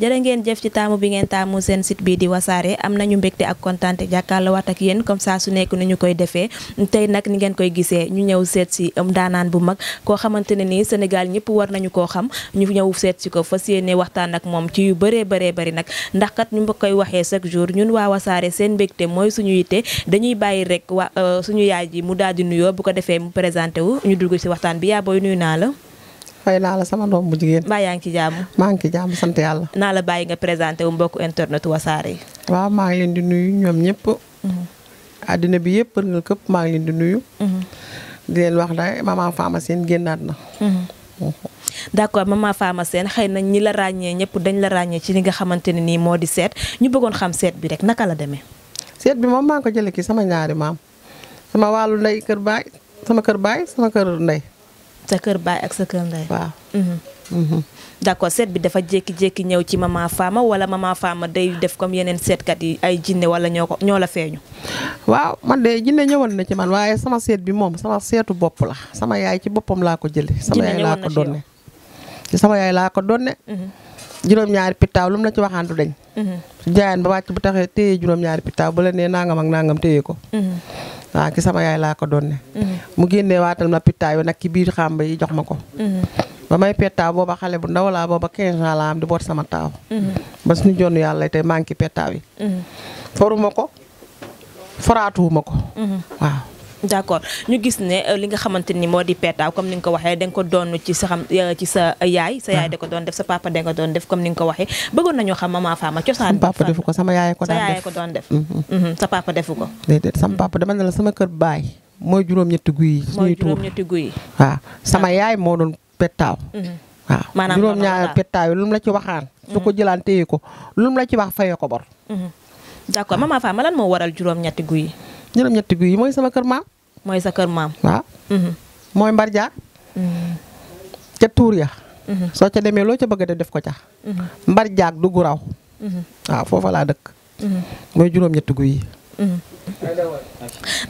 jërë ngeen jëf ci taamu bi ngeen taamu seen sit bii di wasaare am nañu mbégte ak kontaante jàkkaarloo waat ak yéen comme saa su nekk ni ñu koy defee tey nag ni ngeen koy gisee ñu ñëw seet si um, ndaanaan bu mag koo xamante ne nii Sénégal ñëpp war nañu koo xam ñu ñëw seet si ko fas yéene waxtaan ak moom ci yu bëree bëree bëri nag ndax kat ñu ma koy waxee chaque jour ñun waa wasaare seen mbégte mooy suñu yitte dañuy bàyyi rek wa euh, suñu yaay ji mu daal di nuyoo bu ko defee mu présenté wu ñu dugg si waxtaan bi yaa booy nuyu naa la fay naa la sama doom bu jigéen. mbaa yaa ngi ci jàmm. maa ngi ci jàmm sant yàlla. naa la bàyyi nga présenté wu mbokku internet wasaare yi. waaw maa ngi leen di nuyu ñoom ñëpp. Mhm. bi yëpp nga këpp maa ngi leen di nuyu. Mhm. leen wax ne maman Fama Sène génnaat na. Mhm. d' accord maman Fama Sène xëy na ñi la ràññee ñëpp dañ la ràññee ci li nga xamante ne nii moo di seet ñu bëggoon xam seet bi rek naka la demee. seet bi ko jëlee kii sama ñaari maam sama wàllu kër baay sama kër baay sama kër ndey. sa kër baay ak sa kër ndey. waaw. Mhm. Mhm. d'accord seet bi dafa jékki-jékki ñëw ci mama Fama wala mama Fama day def comme yeneen seetkat yi ay jinne wala ñoo ko ñoo la feeñu. waaw man de jinne ñëwoon na ci man waaye sama seet bi moom sama seetu bopp la sama yaay ci boppam laa ko jëlee. sama yaay laa ko donne ci sama yaay laa ko donne. Mhm. juróom-ñaari pitaaw lu la ci waxaandu dañ. jaayaan ba wàcc bu taxee téye juróom-ñaari pitaaw bu la nee nangam ak nangam téye ko. waa ki sama yaay laa ko doon mm-hmm. mu génnee waatal ma pittaay bi nag ci biir xàmba yi jox ma ko mm-hmm. ba may pettaaw booba xale bu ndaw laa booba 15 ans laa am di boot sama taaw mm-hmm. ba suñu jonn yàlla tey maa ngi ci pettaaw yi foruma ko foraatuwuma ko waaw d' ñu gis ne euh, li nga xamante ni moo di peetaaw comme ni nga ko waxee da nga ko doon ci sa xam euh, ci sa yaay sa yaay ah. da ko doon def sa papa ni nga ko defu ko sama yaay ko daan def sa yaay ko doon def mhm. Mhm, mhm. mooy juróom-ñetti guy yi suñuy tuur waaw sama ah. yaay moo doon peetaaw waaw juróom-ñaar peetaaw yi lu mu la ci waxaan su ko jëlaan téye ko lu mu la ci wax fayee ko bor d' accord maman Fama lan moo waral juróom-ñetti guy yi juróom-ñetti guy mooy sama kër maam mooy sa kër maam. waaw. Mhm. mooy mbarjaa. Mhm. ca tuur ya. Mhm. soo ca demee loo ca bëgg de def ko ca. mbarjaak du guraw. waaw foofa laa dëkk. mooy juróom-ñetti guy yi.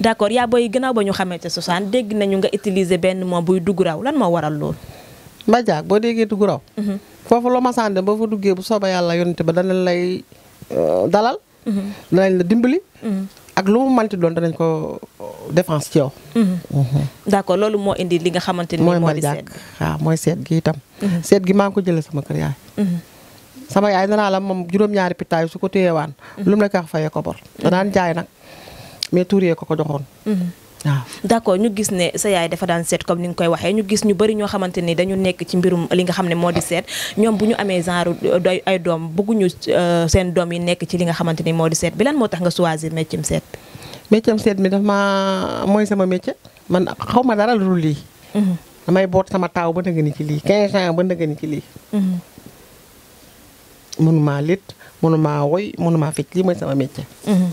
d' accord yaa booy gannaaw ba ñu xamante sosaan dégg nañu nga utiliser benn moom buy duguraw lan moo waral lool. mbarjaak boo déggee duguraw. foofu loo ma sànde ba fa duggee bu soobee yàlla yonent ba danañ lay euh, dalal. danañ la dimbali. ak lu mu manti doon danañ ko défense ci yow. Mhm. loolu moo indi li nga xamante ni. mooy ma jàkk waaw mooy seet gi itam. Mhm. seet gi maa ngi ko jëlee sama kër yaay. Mhm. sama yaay danaa la moom juróom-ñaari pitaay su ko téyewaan. lu mu la ko fayee ko bor. danaan jaay nag mais tuuree ko ko joxoon. waaw d' accord ñu gis ne sa yaay dafa daan seet comme ni nga koy waxee ñu gis ñu bëri ñoo xamante ni dañu nekk ci mbirum li nga xam ne moo di seet ñoom bu ñu amee genre ay doom bëgguñu euh, seen doom yi nekk ci li nga xamante ni moo di seet bi lan moo tax nga choisir métier seet métier am seet mi daf maa mooy sama métier man xaw ma dara lu dul lii. Mhm. damay boot sama taaw ba nga ni ci lii 15 ans ba nga ni ci lii. Mhm. mënumaa lit mënumaa woy mënumaa fecc lii mooy sama métier. Mhm.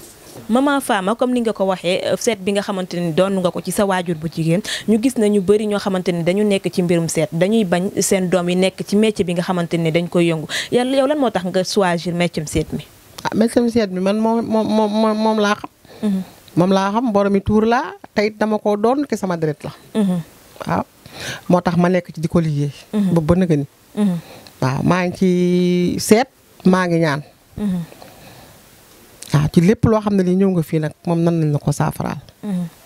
maman Fama comme ni nga ko waxee seet bi nga xamante ni doon nga ko ci sa waajur bu jigéen ñu gis na ñu bëri ñoo xamante ni dañu nekk ci mbirum seet dañuy bañ seen doom yi nekk ci métier bi nga xamante ni dañ ko yëngu yàlla yow lan moo tax nga choisir métier seet mi. ah métier seet moom laa xam boromi tuur laa tey dama ko doon ki sama deret la. Mhm. waaw moo tax ma nekk ci di ko liggéey. Mhm. ba ba nëgëni. Mhm. waaw maa ngi ci seet maa ngi ñaan. waaw ci lépp loo xam ne lii ñëw nga fii nag moom nan lañ la ko saafaraal.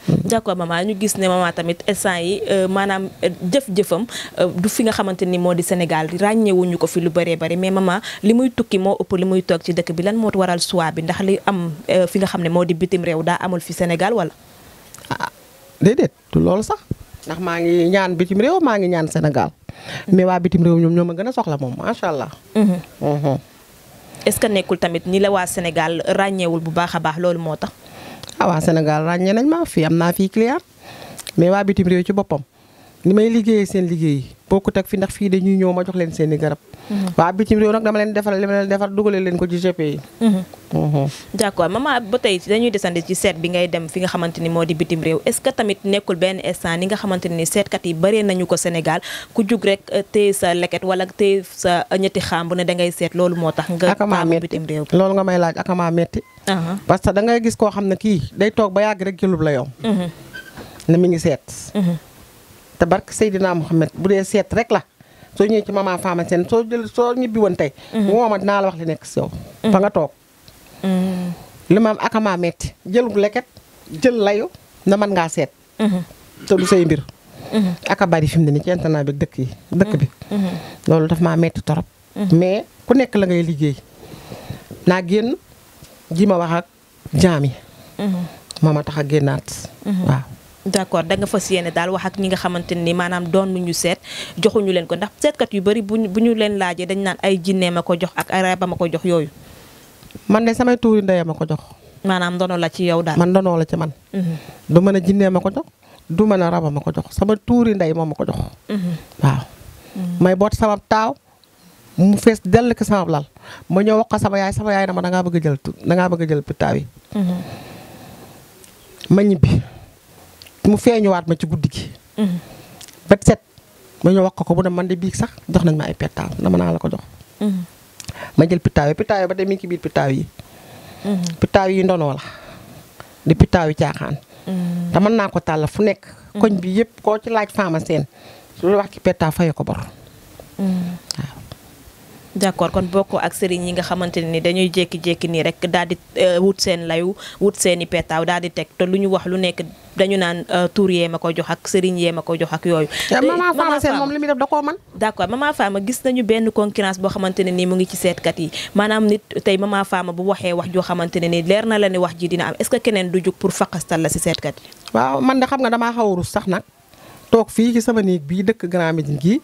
d'accord maman ñu gis ne maman tamit instant yi euh, maanaam euh, jëf-jëfam euh, du fi nga xamante ni moo di Sénégal ràññewuñu ko fi lu bëree bëri mais maman li muy tukki moo ëpp li muy toog ci dëkk bi lan moo waral suwaa bi ndax li am fi nga xam ne moo di bitim réew daa amul fi Sénégal wala. ah déedéet du sax ndax maa ngi ñaan bitim réew maa ngi ñaan Sénégal mm-hmm. mais waa bitim réew ñoom ñoo ma gën a soxla moom macha allah. Mm-hmm. Mm-hmm. est-ce que nekkul tamit ni la waa Sénégal ràññeewul bu baax loolu moo tax. ah waa Sénégal ràññee nañ ma fi am naa fii client mais waa bitim réew ci boppam li may liggéeyee seen liggéey bokkut ak fi ndax fii dañuy ñëw ma jox leen seen i garab. Mhm. waa bitim réew nag dama leen defar li ma leen defar dugale leen ko ci GP yi. Mhm. Mhm. d' accord maman ba tey dañuy ci seet bi ngay dem fi nga xamante ni moo di bitim réew est ce que tamit nekkul benn instant ni nga xamante ni seetkat yi bëree nañu ko Sénégal ku jug rek euh, téye sa leket wala téye sa ñetti xaam bu ne dangay seet loolu moo tax. nga taamu bitim réew loolu nga may laaj akamaa metti uh-huh. parce que da ngay gis koo xam ne kii day toog ba yàgg rek jëlub la yow. na mi ngi seet. te barke Seydina Mohamed bu dee seet rek la soo ñëwee ci maman Fama Sène soo jël soo ñibbi woon tey. bu mhm. mooma dinaa la wax li nekk si yow. Mhm. toog. Mhm. li ma am akama metti jëlul leket jël layu na mën ngaa seet. te say mbir. aka bari fi ne nii ci internet bi dëkk yi dëkk bi. loolu daf maa metti torop. mais ku nekk la ngay liggéey naa génn ji ma wax ak jaam yi. moo ma tax a génnaat waaw. d' accord da nga fas yéene daal wax ak ñi nga xamante ni maanaam doon ñu seet joxuñu leen ko ndax seetkat yu bëri bu bu ñu leen laajee dañ naan ay jinne ma ko jox ak ay rab ma ko jox yooyu. man de samay tuuri ndey ma ko jox. maanaam ndono la ci yow daal. man ndono la ci man. Mhm. du mën a jinne ma ko jox du mën a rab ma ko jox sama tuuri ndey moom ma ko jox. Mhm. waaw. Mhm. may boot sama taaw mu fees dell ki sama lal ma ñëw wax a sama yaay sama yaay na ma dangaa bëgg a jël dangaa bëgg a jël pitaaw yi. ma ñibbi. mu feeñuwaat ma ci guddi gi. Mm-hmm. ba set ma ñëw wax ko ko bu ne man de biig sax jox nañ ma ay pétaaw dama naa la ko jox. Mm-hmm. ma jël pitaaw yi pitaaw yi ba tey mi ngi ci biir pitaaw yi. Mm-hmm. pitaaw yi ndono la di pitaaw yi caaxaan. te mën naa ko tàll fu nekk. koñ bi yépp koo ci laaj faama seen lu wax ci pétaaw faye ko bor. d' accord kon bokk ak sëriñ yi nga xamante ne ni dañuy jékki-jékki nii rek daal euh, wut seen layu wut seen i petaaw daal di teg te lu ñu wax lu nekk dañu naan euh, tuur yee ma ko jox ak sëriñ yee ma ko jox ak yooyu. maman Fama Sène moom li muy d' accord maman Fama gis nañu benn concurrence boo ne nii mu ngi seetkat yi maanaam nit tey maman Fama bu waxee wax joo xamante ne nii leer na la ne wax ji dina am est ce que keneen du jug pour faqastal la si seetkat yi. waaw man de xam nga damaa xaw a sax nag toog fii ci sama néeg bii dëkk Grand Médine gii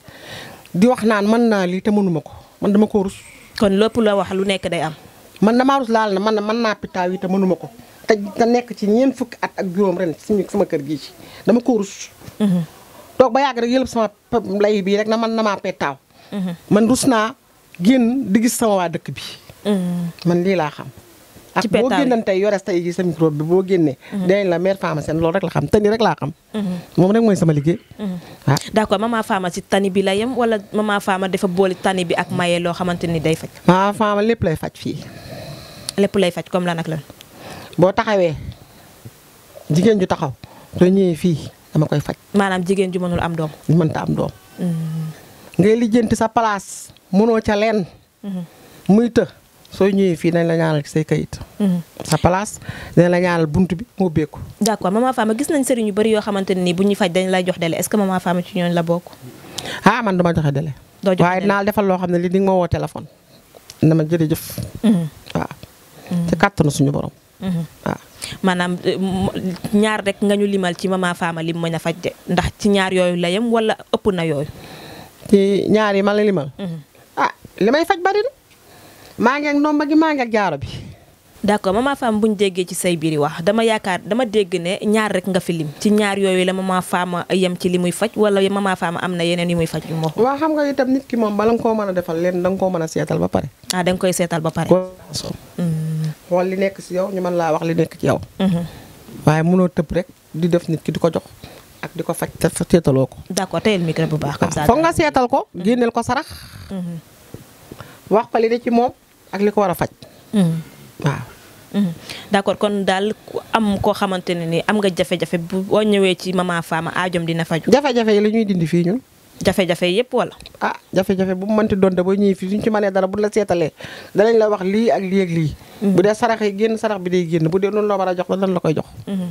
di wax naan mën naa lii te mënuma ko man dama ko rus. kon lépp la wax lu nekk day am. man damaa rus laal na man naa pitaaw yi te mënuma ko te nekk ci ñeent fukki at ak juróom ren si sama kër gi ci dama ko rus. Mhm. toog ba yàgg rek yëlëb sama lay bii rek na man na damaa petaaw. Mhm. man rus naa génn di gis sama waa dëkk bi. Mhm. man lii laa xam. ak boo génnan tey yore tey gi sa micro bi boo génnee mhm. dinañ la mère pharmacienne loolu rek la xam tani rek laa xam mhm. moom rek mooy sama liggéey waaw mhm. ah. d'accord maman Fama si tani bi la yem wala maman Fama dafa boole tani bi ak maye loo xamante ni day faj maman Fama lépp lay faj fii lépp lay faj comme la ak lan boo taxawee jigéen ju taxaw soo ñëwee fii dama koy faj maanaam jigéen ju mënul am doom mënta am doom ngay lijjanti sa place mënoo ca leen muy të soo ñëwee fii dañ la ñaanal say kayit. Mm-hmm. sa place dañ la ñaanal bunt bi mu ubbeeku. d' accord maman Fama gis nañ sëriñ yu bari yoo xamante ne nii bu ñuy faj dañ lay jox délai est ce que maman ci ñooñu la bokk. ah man dama joxe délai. doo joxe délai waaye dinaa loo xam ne lii di nga ma woo téléphone. dama jërëjëf. Mm-hmm. waaw ci mm-hmm. kàttanu suñu borom. waaw. maanaam eh, ñaar rek nga ñu limal ci maman Fama lim mën a faj de ndax ci ñaar yooyu la yem wala ëpp na yooyu. ci ñaar ma la limal. ah li may faj bari maa ngi ma ndomba gi maa ngi ak jaaro bi. d'accord maman Fama bu ñu déggee ci say biir wax dama yaakaar dama dégg ne ñaar rek nga fi ci ñaar yooyu la maman Fama yem ci li muy faj wala maman Fama am na yeneen yu muy faj. waaw xam nga itam nit a defal leen da nga a seetal ba pare. ah da nga koy seetal ba pare. xool li nekk ci yow ñu mën laa wax li nekk ci yow. Mm-hmm. waaye mënoo tëb rek di def nit ki di ko jox ak di ko faj te seetaloo ko. d'accord teyel micro bu baax. comme ça foog nga seetal ko génneel ko sarax. Mm-hmm. wax ko li ne ci moom. ak li ko war a faj. Mm. waaw. Mm. d'accord kon daal am koo xamante ne ni am nga jafe-jafe bu boo ñëwee ci Mama Fama aajom dina faju jafe-jafe yi la ñuy dindi fii ñun. jafe-jafe yëpp wala. ah jafe-jafe bu mu mënti doon da ba ñuy fii ñu ci mënee dara bu la seetalee danañ la wax lii ak lii ak lii. Mm-hmm. bu dee sarax yi génn sarax bi day génn bu dee noonu loo war a jox lan la koy jox. Mm-hmm.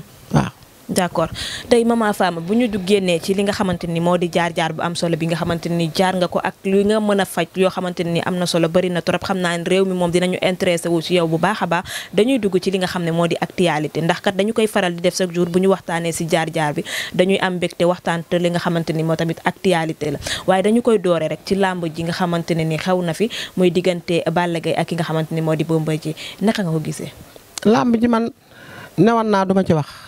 d' accord tey maman Fama bu ñu génnee ci li nga xamante ni moo di jaar jaar bu am solo bi nga xamante ni jaar nga ko ak li nga mën a faj yoo xamante ni am na solo barina na trop xam naa réew mi moom dinañu intéressé wu ci yow bu baax a baax dañuy dugg ci li nga xam ne moo di actualité ndax kat dañu koy faral di def chaque jour bu ñu waxtaanee si jaar jaar bi dañuy am mbégte waxtaan li nga xamante ni moo tamit actualité la waaye dañu koy doore rek ci làmb ji nga xamante ne ni xew na fi muy diggante Balla Gaye ak ki nga xamante ni moo di Bombardier naka nga ko gisee. làmb ji man newoon naa duma ci wax.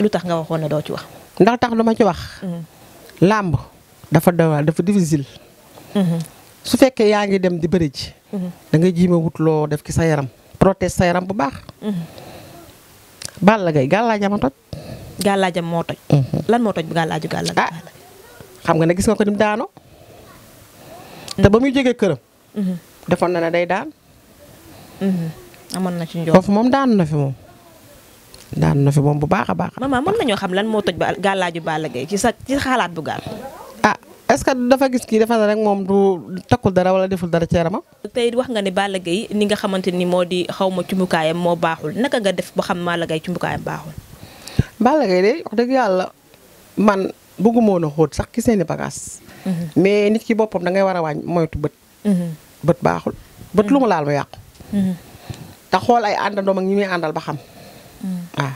lu tax nga waxoon ne doo ci wax. ndax tax lu ma ci wax. Mm-hmm. làmb dafa dawal dafa difficile. Mm-hmm. su fekkee yaa ngi dem di bëri ji. Mm-hmm. da nga ji ma wut def ki sa yaram. protège sa yaram bu baax. Balla Gaye gàllaajam a toj. moo toj. lan moo toj bu gàllaaju ah, gàllaaj. ah xam nga ne gis nga ko ni mu daanoo. te ba muy jógee këram. defoon na ne day daan. amoon moom daanu na fi moom. daan na fi moom bu baax a baax. maman mën ñoo xam lan moo toj ba gàllaaju Balla Gaye ci sa ci xalaat bu gàll. ah est-ce que dafa gis kii dafa rek moom du takkul dara wala deful dara ma tey wax nga ne Balla Gaye ni nga xamante ni moo di xaw ma cumbukaayam moo baaxul naka nga def ba xam Balla Gaye cumbukaayam baaxul. Balla Gaye dëgg yàlla man bëgguma woon a sax seeni bagages. Mhm. mais nit ki boppam da ngay war a wàññi moytu bët. Mhm. bët baaxul bët lu mu mhm. laal mu yàqu. te xool ay àndandoom ak ñi muy àndal ba xam. waaw. Ah.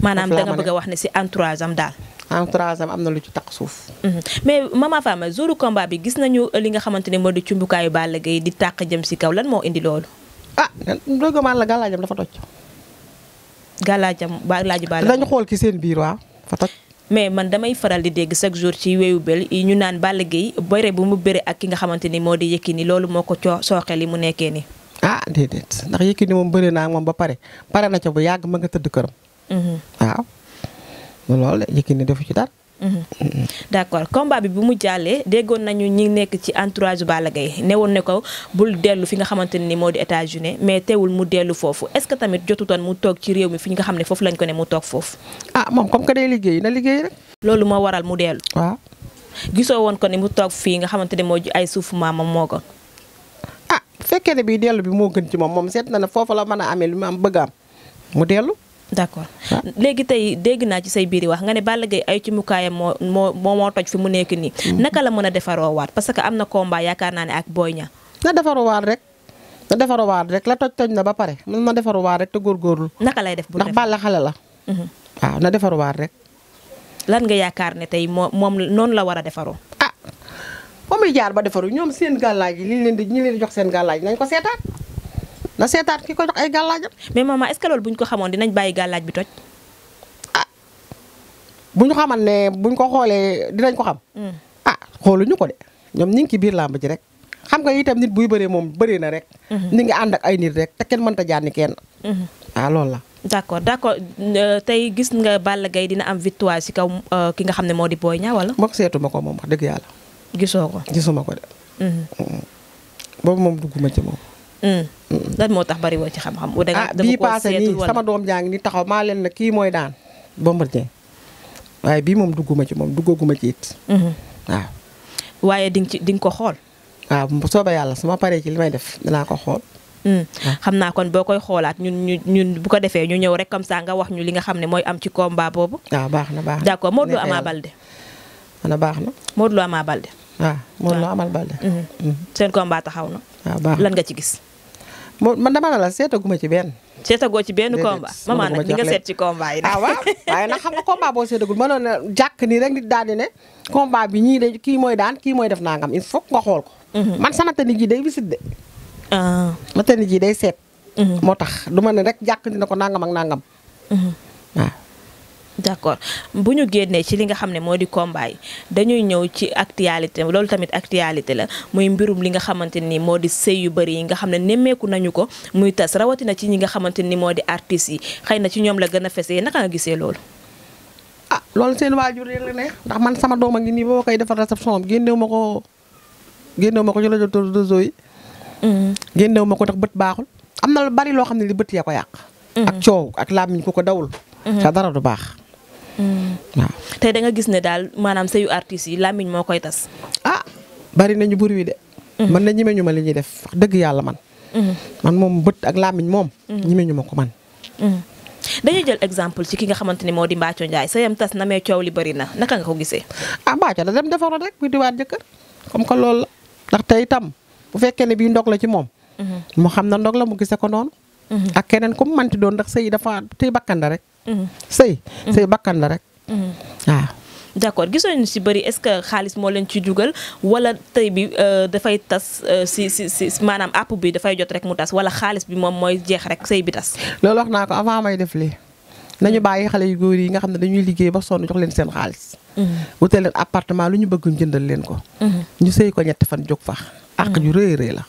maanaam da bëgg a wax ne si entourage am daal. entourage am am na lu ci tax suuf. Mhm. mais maman Fama jouru combat bi gis nañu euh, li nga xamante ne moo di cumbukaayu Balla Gaye di tàq jëm si kaw lan moo indi loolu. ah dëgg la gàllaajam dafa toj. gàllaajam gàllaaju Balla. dañu xool ci seen biir waaw fa toj. mais man damay faral di dégg chaque jour ci wéyu bel yi ñu naan Balla Gaye bëre bu mu bëre ak ki nga xamante ni moo di ni loolu moo ko soo sooxe li mu nekkee nii. ah déedéet ndax Yékini moom bëri naa moom ba pare pare na ca bu yàgg ma nga tëdd këram. Mhm. waaw loolu Yékini defu ci dara. Mhm. d' accord combat bi bu mu jàllee déggoon nañu ñi nekk ci entourage Balla Gaye newoon ne ko bul dellu fi nga xamante ne ni moo di États-Unis mais teewul mu dellu foofu est ce tamit jotutoon mu toog ci réew mi fi nga xam ne foofu lañ ko ne mu toog foofu. ah moom comme que day liggéey na liggéey rek. loolu moo waral mu dellu. waaw gisoo woon ko ne mu toog fii fekkee ne bii dellu bi moo gën ci moom moom seet na ne foofu la mën a amee lu mu am bëgg am mu dellu. d'accord léegi tey dégg naa ci say biir wax nga ne Balla Gaye ay ci mukaayam moo moo moo toj fi mu nekk nii. Mm. naka la mën a defaroo waat parce que am na combat yaakaar naa ne ak Boy Niang. na defaroowaat rek na defaroowaat rek la toj toj na ba pare man ma defaroowaat rek te góorgóorlu. naka lay def bu ndax Balla xale la. Mm-hmm. waaw na defaroowaat rek. lan nga yaakaar ne tey moom noonu la war a defaroo. fa muy jaar ba defaru ñoom seen gàllaaj yi liñ leen di ñi leen di jox seen gàllaaj nañ ko seetaat na seetaat ki ko jox ay gàllaajam. mais maman est-ce que ko xamoon dinañ bàyyi gàllaaj bi toj. ah bu ñu ne bu ko xoolee dinañ ko xam. Hmm. ah xooluñu ko de ñoom ñu ngi ci biir làmb ji rek. xam nga itam nit buy bëree moom bëree na rek. ñu hmm. ngi ànd ak ay nit rek te kenn mënta jaani kenn. Hmm. ah loolu la. d' accord d' accord euh, tey gis nga Balla Gaye dina am victoire si kaw euh, ki nga xam ne moo di Boy Niang wala. moom seetu ko moom wax dëgg yàlla. gisoo ko. gisuma ko de. Mm-hmm. Mm-hmm. boobu moom dugguma ci moom. Mm-hmm. lan moo tax bari woo ci xam-xam. da ah, bii paase nii sama doom jaa ngi ni taxaw maa leen na kii mooy daan. Bombardier waaye bii moom dugguma ci moom duggaguma ci it. waaw. waaye di nga ci di ko xool. waaw bu soobee yàlla su ma paree ci li may def dinaa ko xool. Mm. Ah. xam naa kon boo koy xoolaat ñun ñu ñun bu ko defee ñu ñëw rek comme ça nga wax ñu li nga xam ne mooy am ci combat boobu. waaw baax na baax na d'accord Modou Lo Ama Baldé. waaw moom la amal balde. Mm-hmm. Mm-hmm. seen combat taxaw na. waaw baax lan nga ci gis. moo man dama la seetaguma ci benn. seetagoo ci benn combat maman nag ni nga seet ci combat yi. ah waaw waaye nag xam nga combat boo seetagul mënoon na jàkk nii rek nit daal di ne. combat bi ñii de kii mooy daan kii mooy def nangam il faut nga xool ko. Mm-hmm. man sama tenue ji day wisit de. Ah. ma tenue ji day seet. moo tax du ma ne rek jàkk ni na ko nangam ak nangam. d' bu ñu génnee ci li nga xam ne moo di combat dañuy ñëw ci actualité loolu tamit actualité la muy mbirum li nga xamante nii moo di sëy yu bëri yi nga xam ne nemmeeku nañu ko muy tas rawatina ci ñi nga xamante ni moo di artistes yi xëy na ci ñoom la gën a fesee naka gisee loolu. ah loolu seen waajur rek ndax man sama doom a ngi nii boo koy defal réception am génneew ma ko génneew ma ko ci rajo réseau mm-hmm. yi. ko ndax bët baaxul. am na lu bari loo xam ne li bët yaa ko yàq. Mm-hmm. ak coow ak làmmiñ ku ko dawul. Mm-hmm. sa dara du baax. waaw tey da nga gis ne daal maanaam sëyu artistes yi làmmiñ moo koy tas. a ah, bari nañu bur wi de. Mm-hmm. man na ñime ñu ma li ñuy def dëgg yàlla man. Mm-hmm. man moom bët ak làmmiñ moom. Mm-hmm. ñime ñu ma ko man. dañuy jël exemple ci ki nga xamante ni moo di Mbathio Ndiaye sëyam tas na mais coow li bari na naka nga ko gisee. a ah, Mbathio da dem defaroon rek bu diwaat jëkkër comme que loolu la ndax tey itam bu fekkee ne bii ndog la ci moom. mu xam na ndog la mu gisee ko noonu. Mm-hmm. ak keneen ku mu manti doon ndax sëy dafa tey bakkan la rek. Mm-hmm. sëy mm-hmm. sëy bakkan la rek. waaw. d' accord gisoon ñu si bëri est ce que xaalis moo leen ci jugal wala tey bi euh, dafay tas euh, si si si maanaam àpp bi dafay jot rek mu tas wala xaalis bi moom mooy jeex rek sëy bi tas. loolu wax naa ko avant may def lii nañu bàyyi xale yu góor yi nga xam ne dañuy liggéey ba sonn jox leen seen xaalis. wutee leen appartement lu ñu bëgg ñu jëndal leen ko. ñu sëy ko ñetti fan jóg fax àq ju rëy rëy la.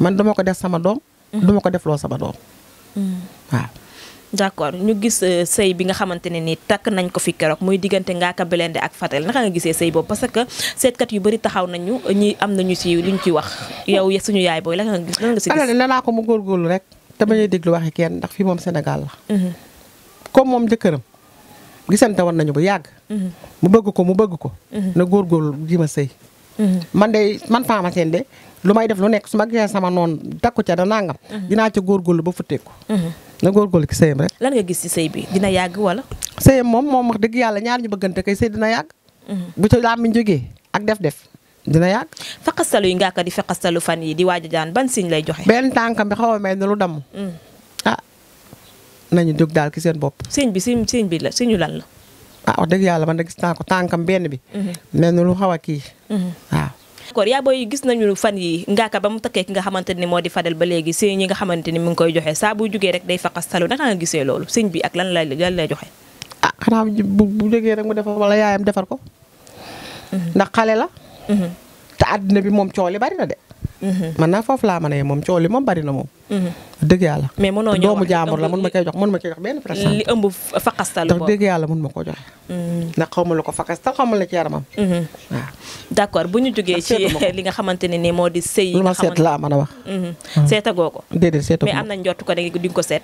man dama ko def sama doom. Mm-hmm. du ma ko defloo sama doom mm-hmm. waaw. d'accord ñu gis euh, sëy bi nga xamante ne ni takk nañ ko fi keroog muy diggante Ngaaka Blindé ak Fatel naka nga gisee sëy boobu parce que seetkat yu bëri taxaw nañu ñi am nañu ci ñu ci wax yow suñu yaay booy lan nga gis lan nga si ko mu góorgóorlu rek te bañ a déglu waxi kenn ndax fii moom Sénégal mm-hmm. comme moom jëkkëram gisante woon nañu bu yàgg. mu bëgg ko mu bëgg ko. góor góorgóorlu ji ma sëy. man de man pharmacien de lu may def lu nekk su ma gisee sama noonu takku ca da nangam. Mhm. dinaa ca góorgóorlu ba futteeku. Mhm. na góorgóorlu ci sëyam rek. lan nga gis ci sëy bi dina yàgg wala. sëyam moom moom wax dëgg yàlla ñaar ñu bëggante kay sëy dina yàgg. Mhm. bu ca làmmiñ jógee ak def-def dina yàgg. faqastalu yi ngaa ko di faqastalu fan yi di waaj a jaan ban signe lay joxe. benn tànkam bi xaw a mel ne lu damm. ah nañu daal ki seen bopp. signe bi signe bi la signe lan la. ah yàlla man da gis naa ko tànkam benn bi. mel ne lu xaw a kii. d'accord yaa booy gis nañu fan yi ngaaka ba mu takkee ki nga xamante ni moo di Fadel ba léegi sëy ñi nga xamante ni mu ngi koy joxe saa buy jugee rek day faqas talu naka nga gisee loolu sëñ bi ak lan la lan lay joxe ah xanaa bu bu jógee rek mu defar wala yaayam defar ko mm-hmm. ndax xale la mm-hmm. te àddina bi moom coow li bari na de mm-hmm. man naa foofu laa mën a yee moom coow li moom bari na moom dëgg yàlla. mais mënoo ñëw doomu jaamur la mën ma koy jox mën ma koy jox benn pression. li ëmb fakastal boobu ndax yàlla mën ma ko joxe. Mm-hmm. ndax xaw ma la ko fakastal xaw ma la ci yaramam. Mm-hmm. waaw d' accord bu ñu jógee ci li nga xamante ne nii moo di. sëy lu ma seet laa mën a wax. Mm-hmm. seetagoo ko. déedéet seetagoo ko mais am nañ njort ko da di ko seet.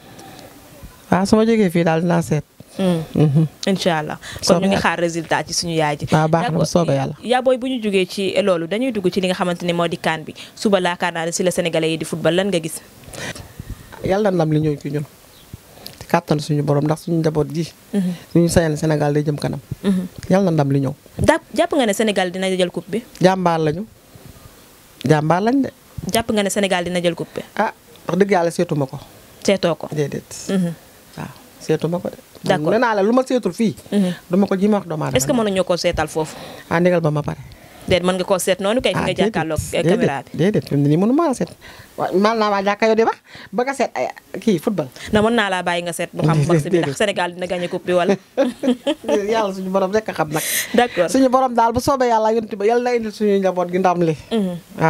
waaw ah, su ma fii daal dinaa seet. Mm-hmm. incha allah kon ñu ngi xaar résultat ci suñu yaay ji waaw baax na soobee yàlla yaa bu ñu jógee ci loolu dañuy dugg ci li nga xamante ni moo di kaan bi suba laakaar naa si la sénégalais yi di football lan nga gis yàlla ndam li ñëw ci ñun kàttan suñu borom ndax suñu njaboot gi suñu mm-hmm. sayal Sénégal day jëm kanam mm-hmm. yàlla ndam li ñëw jàpp nga ne Sénégal dina jël coupe bi jàmbaar lañu jàmbaar lañ de jàpp nga ne Sénégal dina jël coupe bi ah wax yàlla seetuma ko seetoo ko waaw seetuma ma ko de. d' accord naa la lu ma seetul fii. Mhm. du ma ko ji ma wax doomu aadama est ce que mën nañoo koo seetal foofu. ah ndigal ba ma pare. déet mën nga koo seet noonu kay. nga ah, jàkkaarloog eh, caméra bi déedéet déedéet nii mënuma la seet. waaw maal naa waa jàkka yow de ba ba nga seet ay kii football. na mën naa laa bàyyi nga seet. mu xam max bi ndax Sénégal dina gagné coupe bi wala. yàlla suñu borom rek a xam nag. d'accord suñu borom daal bu soobee yàlla yonti ba yàlla na indil suñu mm-hmm. mm-hmm.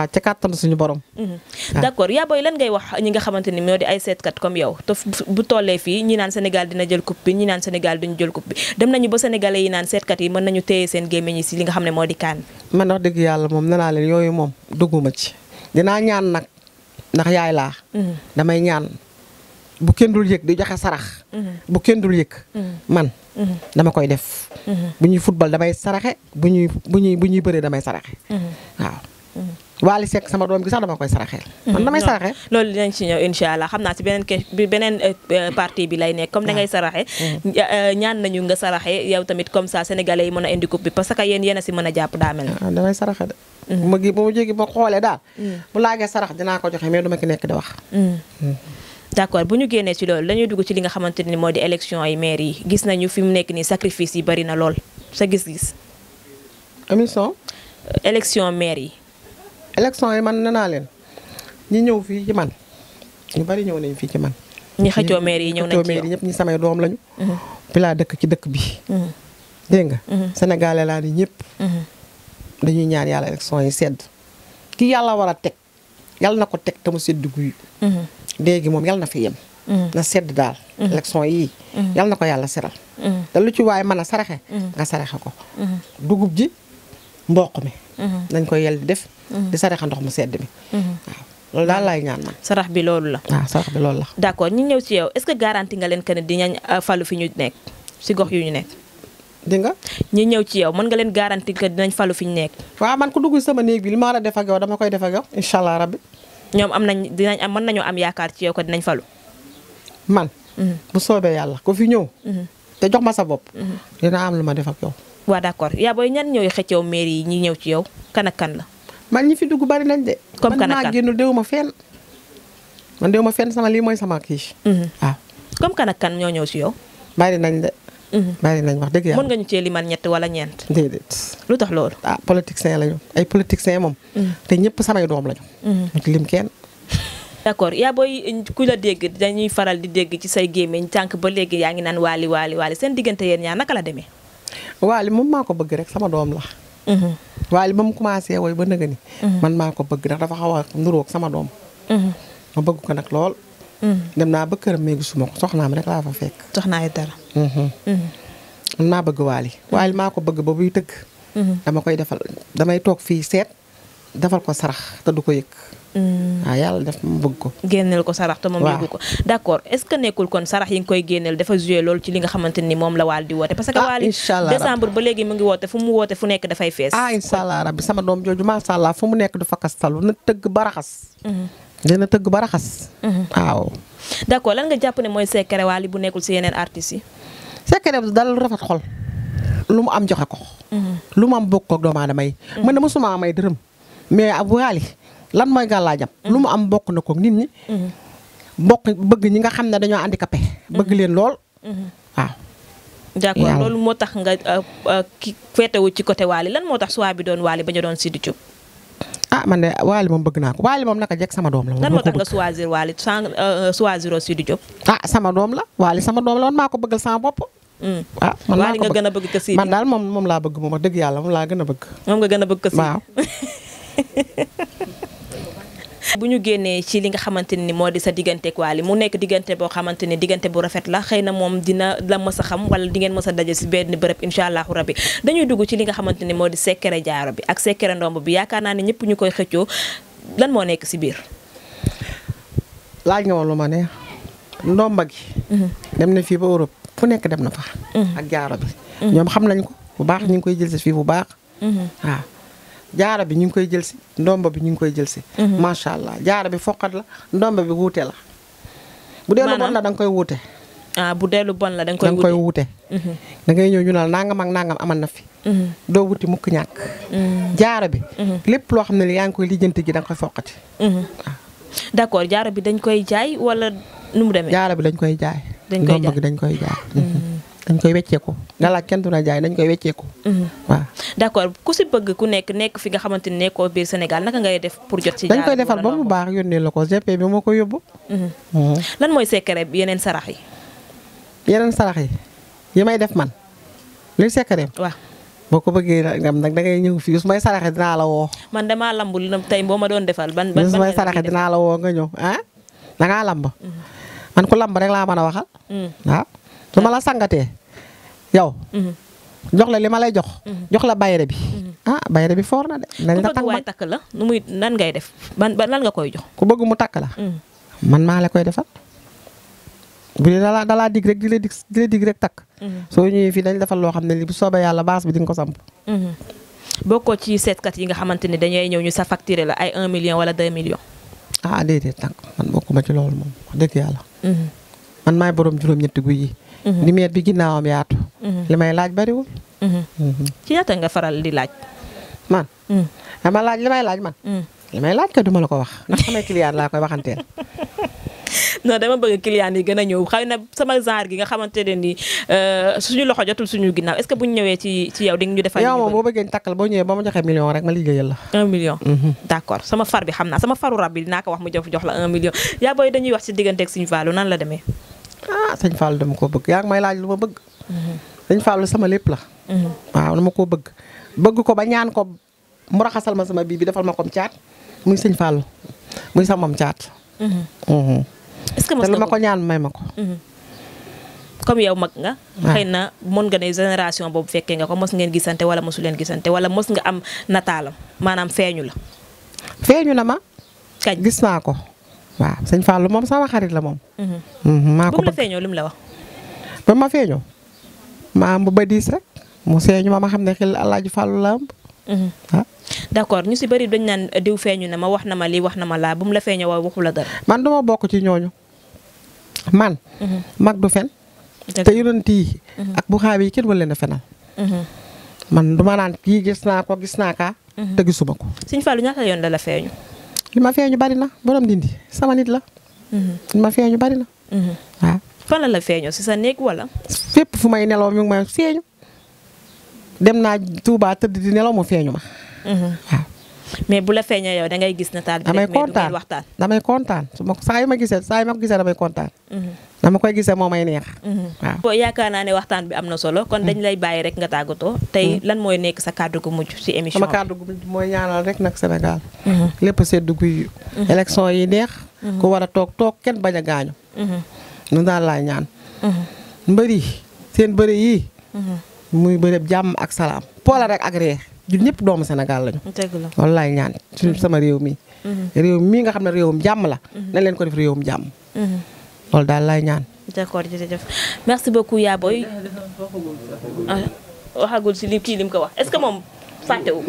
naan Sénégal dina jël coupe bi dem nañu ba sénégalais yi naan seetkat yi mën nañu téye seen gémmiñ yi ci li nga xam ne moo di kaan man wax dëgg yàlla moom nee naa leen yooyu moom dugguma ci dinaa ñaan nag ndax yaay laa. Mm-hmm. damay ñaan bu kenn dul yëg di joxe sarax. Mm-hmm. bu kenn dul yëg. Mm-hmm. man dama koy def. bu ñuy football damay saraxe bu ñuy bu ñuy bëree damay saraxe Waly Seck sama doom gi sax dama koy saraxeel. Mm-hmm. man damay saraxee. loolu dinañ ci ñëw incha xam naa si beneen ke beneen euh, euh, partie bi lay nekk. comme da ngay saraxe. Mm-hmm. Euh, ñaan nañu nga saraxe yow tamit comme ça sénégalais yi mën a indi coupe bi parce que yéen yéen si mën a jàpp daa mel. Ah, damay saraxe de. Mm-hmm. bu ma gi bu ma jéggi ma xoolee daal. bu laagee sarax dinaa ko joxe mee du ma ki nekk di wax. d'accord bu ñu génnee ci loolu dañuy dugg ci li nga xamante ni moo di élection yi maire yi gis nañu fi mu nekk nii sacrifice yi bari na lool sa gis-gis. émission. maire yi élection yi man nee naa leen ñi ñëw fii ci man ñu bari ñëw nañ fii ci man. ñi xëccoo maire yi ñëw nañ ci yow ñëpp ñi samay doom lañu. Mhm. fi dëkk ci dëkk bi. Mhm. dégg nga. Mhm. Sénégalais laa ni ñëpp. dañuy yi sedd. ki yàlla war na ko teg te mu sedd guy. léegi moom yàlla na fi yem. na sedd daal. élection yii. yàlla na ko yàlla seral. te lu ci waay mën a saraxe. nga saraxe ko. dugub ji. mboq mi. Mhm. nañ koy yel di def. Mhm. di saraxa ndox mu sedd mi. Mhm. waaw loolu daal laay ñaan bi loolu la. waaw sarax bi loolu la. d' accord ñu ñëw ci yow est ce garanti nga leen que ne dinañ euh, falu fi ñu nekk si gox yu ñu nekk. di nga. ñu ñëw ci yow mën nga leen garanti que dinañ falu fi ñu nekk. waaw man ku dugg sama néeg bi li ma war a def ak yow dama koy def ak yow. incha allah rabbi. ñoom am nañ dinañ am mën nañoo am yaakaar ci yow ko dinañ falu. man. bu soobee yàlla ko fi ñëw. te jox ma sa bopp. dina am lu ma def ak yow. waa d'accord yaa booy ñan ñooy xëccoo mairie yi ñi ñëw ci yow kan kan la. man ñi fi dugg bari nañ de. comme kan ak kan man maa génn déwuma fenn. man déwuma fenn sama lii mooy sama kii. Mhm. waaw comme kan ak kan ñoo ñëw ci yow. bari nañ de. Mhm. bari nañ wax dëgg yàlla mën nga ñu cee limal ñett wala ñeent. lu tax loolu. ah politiciens lañu ay politiciens moom. Mhm. te ñëpp samay doom lañu. ci lim kenn. d'accord yaa booy ku la dégg dañuy faral di dégg ci say gémmiñ tànk ba léegi yaa ngi naan waali waali waali seen diggante yéen ñaar naka la demee. Wally moom maa ko bëgg rek sama doom la. Mhm. Wally ba mu commencé woy ba nëgë mhm. man maa ko bëgg ndax dafa xaw a nuróog sama doom. Mhm. ma bëgg ko nag lool. dem naa ba këram mais gisuma ko soxnaam rek laa fa fekk. soxnaay dara. man maa bëgg Wally Wally maa ko bëgg ba buy tëgg. dama koy defal damay toog fii seet defal ko sarax te du ko yëg. waaw mm. ah, yàlla def mu bëgg ko. génneel ko sarax te moom yëgu ko. d' est ce que nekkul kon sarax yi nga koy génneel dafa joué loolu ci li nga xamante ni moom la waal di woote. parce que ah, waali décembre ba léegi mu ngi woote fu mu woote fu nekk dafay fees. ah incha allah rabbi sama doom jooju macha allah fu mu nekk du fa kastalu na tëgg baraxas. Mm-hmm. dina tëgg baraxas. Mm-hmm. waaw. d' lan nga jàpp ne mooy secret waali bu nekkul si yeneen artistes yi. secret bi dal rafet xol. lan mooy laa gàllaajam mm-hmm. lu mu am bokk na ko nit ñi mm-hmm. bokk bëgg ñi nga xam ne dañoo handicapé mm-hmm. bëgg leen lool waaw d'accord loolu moo tax nga euh, euh, ki féetewu ci côté Wally lan moo tax suwaa bi doon Wally ba ñu doon Sidy Diop ah man de Wally moom bëgg naa ko Wally moom naka jekk sama doom la lan moo tax nga choisir Wally sans euh, choisir Sidy Diop ah sama doom la Wally sama doom la man maa ko bëggal sama bopp mm. ah man Wally nga gën a bëgg ko Sidy man daal moom moom laa bëgg moom wax dëgg yàlla moom laa gën a bëgg moom nga gën a bëgg ko Sidy waaw bu ñu génnee ci li nga xamante ni moo di sa diggante ak mu nekk diggante boo xamante ni diggante bu rafet la xëy na moom dina la mës a xam wala di ngeen mës a daje si benn bërëb incha allahu rabbi dañuy dugg ci li nga xamante ni moo di secret jaaro bi ak secret ndomb bi yaakaar naa ne ñëpp ñu koy xëccoo lan moo nekk si biir. laaj nga woon lu ma ne ndomba gi. Mhm. dem na fii ba Europe fu nekk dem na fa. Mhm. ak jaaro bi. Mhm. ñoom xam nañ ko bu baax ñu ngi koy jël si bu baax. jaaro bi ñu ngi koy jël si ndomba bi ñu ngi koy jël si. macha mhm. allah jaaro bi foqat la ndomba bi wuute la. bu dee lu bon la da nga koy wuute. ah bu dee lu bon la da nga koy wuute mhm. da nga koy wuute. ngay ñëw ñu ne nangam ak nangam amal na fi. Mhm. doo wuti mukk ñàkk. jaaro bi. lépp loo xam ne yaa ngi koy lijjanti ji da nga koy foqati. Ah. d'accord jaaro bi dañ koy jaay wala nu mu demee. bi dañ koy jaay. dañ koy jaay dañ koy dañ koy wecceeku nga laaj kenn du la jaay dañ koy wecceeku. Mhm. waaw si bëgg ku nekk nekk fi nga xamante ni nekkoo biir Sénégal naka ngay def pour jot si. dañ koy defal ba mu baax yónnee la ko GP bi moo ko yóbbu. Mhm. Mhm. lan mooy secret bi yeneen sarax yi. yeneen sarax yi yi may def man li secret waaw. boo ko bëggee ngam nag dangay ñëw fii su may saraxe dinaa la woo. man damaa lambul tey boo ma doon defal ban ban. su may saraxe dinaa la woo nga ñëw ah dangaa lamb. man ku lamb rek laa mën a waxal. Ah? su ma la sangatee yow. Mm-hmm. jox la li ma lay jox. Mm-hmm. jox la bayre bi. Mm-hmm. ah bayre bi foor na de. nañ la takk takk la nu muy nan ngay def ban lan nga koy jox. ku bëgg mu takk la. Mm. man la koy defal. bu dee dalaa la dig di la dig rek takk. soo ñëwee fii dañ defal loo xam ne li bu soobee yàlla baas bi di ko samp. bokkoo ci seetkat yi nga xamante ne dañuy ñëw ñu sa facturé la ay million wala 2 millions. ah déedéet nag man bokkuma ci loolu moom wax dëgg yàlla. man maay borom juróom-ñetti guy yi. ni mhm. bi ginnaawam yaatu. Mhm. li may laaj bariwul. Mhm. ci ñaata nga faral di laaj. man. dama ah, laaj li may laaj man. li ka duma la ko wax ndax samay client laa koy waxanteel. non dama bëgg client yi gën a ñëw xëy na sama genre ne ni euh, suñu loxo jotul suñu ginnaaw est-ce que buñ ñëwee ci ci di ñu defal. yow moom boo bëggee takkal boo ñëwee ba ma joxee million rek ma liggéeyal la. 1 million. d'accord sama far bi xam naa sama faru rab bi dinaa ko wax mu jox jox la 1 million yaa booy dañuy wax ci digganteeg suñu Fallou la demee. ah sëñ Fallou dama ko bëgg yaa ngi may laaj lu ma bëgg. sëñ Fallou sama lépp la. waaw dama koo bëgg. bëgg ko ba ñaan ko mu raxasal ma sama bii bi defal ma kom caat muy sëñ Fallou muy sama moom caat. Mm-hmm. Mm-hmm. est-ce que te lu ma ko ñaan may ma ko. Mm-hmm. comme yow mag nga. Ah. xëy na mën nga ne génération boobu fekkee nga ko mos ngeen gisante wala mosu leen gisante wala mos nga am nataalam maanaam feeñu la. feeñu na ma. kañ gis naa ko. waaw sëñ Fallou moom sama xarit la moom. Mhm. Mhm, maa ko bëgg la feeñoo lu mu la wax. ba ma feeñoo maa am ba diis rek mu seeñu ma ma xam ne xel Alaaji Fallou la am. Mhm. Ah. d'accord ñu si bari dañ naan diw feeñu ne ma wax na ma lii wax na ma laa bu mu la feeñoo waaye waxu la dara. man duma bokk ci ñooñu man. mag du fen. te yonent yi ak bu xaabi yi kenn wala leen a fenal. man duma naan kii gis naa ko gis naa kaa. te gisuma ko. sëñ Fallou ñaata yoon la la feeñu. li ma feeñu bari na borom dindi sama nit la. Mm-hmm. li ma feeñu bari na. Mm-hmm. waaw. fan si sa néeg walla fépp fu may neloo mi ngi may feeñu dem naa Touba tëdd di nelaw mu feeñu ma mm-hmm. waaw. mais bu la feeñee yow da ngay gis nataal bi damay kontaan waxtaan damay kontaan su ma saa ma gisee saa yu ma ko gisee damay kontaan mhm. dama koy gisee moo may neex mhm. waaw boo yaakaar naa ne waxtaan bi am na solo kon dañ mhm. lay bàyyi rek nga tàggatoo tey lan mooy nekk sa kàddu gu mujj ci émission sama kàddu gu mujj mooy ñaanal rek nag Sénégal lépp sedd guy élection yi neex ku war a toog toog kenn bañ a gaañu nu daal laa ñaan mbëri seen bëri yi muy bërëb jàmm ñun ñëpp doomu Sénégal lañu. loolu laay ñaan ci mhm. sama réew mi. Mhm. réew mii nga xam ne réewum jàmm la. Mhm. nañ leen ko def réewum jàmm. loolu daal laay ñaan. merci beaucoup yaa booy. Ah, waxagul si li kii li mu ko wax est-ce que moom fàtte wu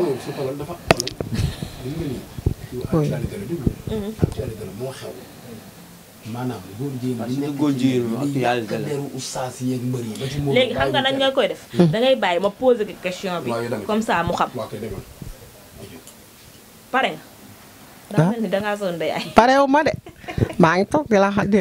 maanaam góor jigéen bi nekk góor jigéen bi ak kadeeru oustaz yeeg ba ci moom léegi xam nga nan nga koy def hmm. da ngay bàyyi ma posé ko question bi comme ça mu xam pare nga daa mel ni ay parewu ma de maa ngi to di la di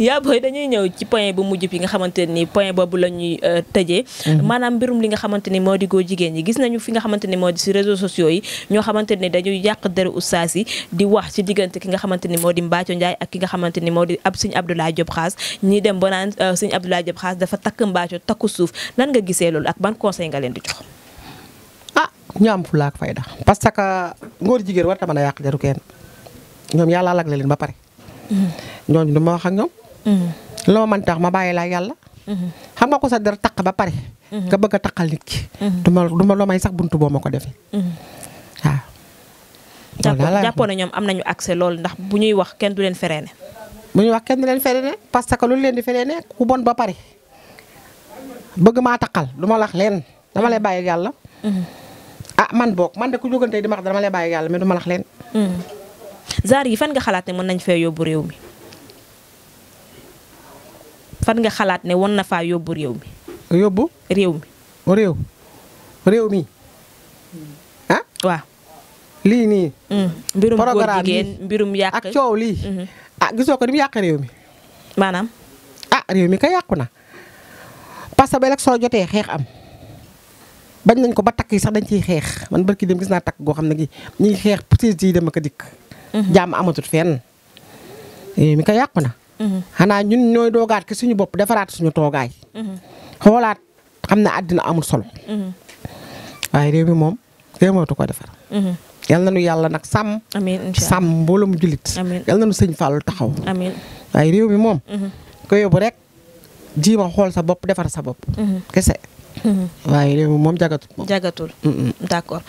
yaa booy dañuy ñëw ci point bu mujj bi nga xamante ni point boobu la ñuy euh, tëjee mhm. maanaam mbirum li nga xamante ni moo di góor jigéen ñi gis nañu fi nga xamante ni moo di si réseaux sociaux yi ñoo xamante ni dañuy yàq deru oustaz yi di wax ci diggante ki nga xamante ni moo di Mbathio Ndiaye ak ki nga xamante ni moo di ab sëñ Abdoulaye Diop Khass ñi dem ba naan euh, sëñ Abdoulaye Diop Khass dafa takk Mbathio takku suuf nan nga gisee loolu ak ban conseil nga leen di jox ah ñu am fulla ak fayda parce que góor jigéen war ta mën a yàq deru kenn ñoom yàlla lag leen ba pare mhm. ñooñu du ma Mm-hmm. loo man tax ma bàyyi laa yàlla. Mm-hmm. xam nga ko sax der taq ba pare. Mm-hmm. nga bëgg taqal takkal nit ki. du ma du may sax bunt boo ma ko defee. waaw. loolu jàppoon na ñoom am nañu accès loolu ndax bu ñuy wax kenn du leen freiné. bu ñuy wax kenn du leen freiné parce que lu leen di freiné ku bon ba pare bëgg maa taqal du ma lax leen dama lay bàyyi yàlla. ah man boog man de ku jógante di ma wax dama lay bàyyi yàlla mais du ma lax leen. zaar yi fan nga xalaat ne mën nañ fee yóbbu réew mi. fan nga xalaat ne won na faa yóbbu réew mi. yóbbu réew mi. Oh, réew mi ah. waaw lii nii. Hmm. mbirum góor jigéen ak coow lii. Hmm. ah gisoo ko ni mu yàq réew mi. maanaam. ah réew mi kay yàqu na parce que ba élection jotee xeex am bañ nañ ko ba takk yi sax dañ ciy xeex man barki dem gis naa takk goo xam ne gi ñu ngi xeex pour si dem ak dikk. jàmm amatul fenn mi kay yàqu na. xanaa ñun ñooy doogaat ki suñu bopp defaraat suñu toogaay. xoolaat xam ne àddina amul solo. waaye réew mi moom réew mootu ko defar. yal na nu yàlla nag sàmm. amiin sàmm mbooloom jullit. amiin yal na nu sëñ Fallou taxaw. waaye réew mi moom. Mhm. ko yóbbu rek jiima xool sa bopp defar sa bopp. Mhm. kese. waaye réew moom jagatul jagatul d'accord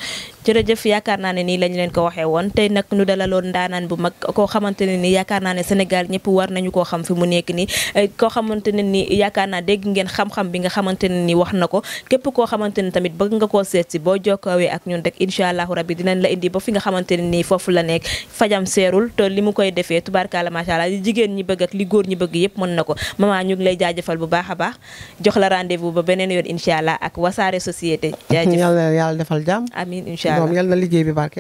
jërëjëf yaakaar naa ne nii lañ leen ko waxee woon tey nag ñu dalaloon ndaanaan bu mag koo xamante ne ni yaakaar naa ne Sénégal ñëpp war nañu koo xam fi mu nekk nii eh, koo xamante ne ni yaakaar naa dégg ngeen xam-xam bi nga xamante ne ni wax na ko képp koo xamante ne tamit bëgg nga koo seet si boo jokkoowee ak ñun rek incha allahu rabbi dinañ la indi ba fi nga xamante ne nii foofu la nekk fajam seerul te li mu koy defee tubaarkaala macha allah li jigéen ñi bëgg ak li góor ñi bëgg yëpp mën na ko maman ñu ngi lay jaajëfal bu baax a baax jox la rendez-vous ba beneen yoon incha allah allah ak wasaare société. jaajëf yàlla yàlla defal jàmm. allah moom yal na liggéey bi barkeel.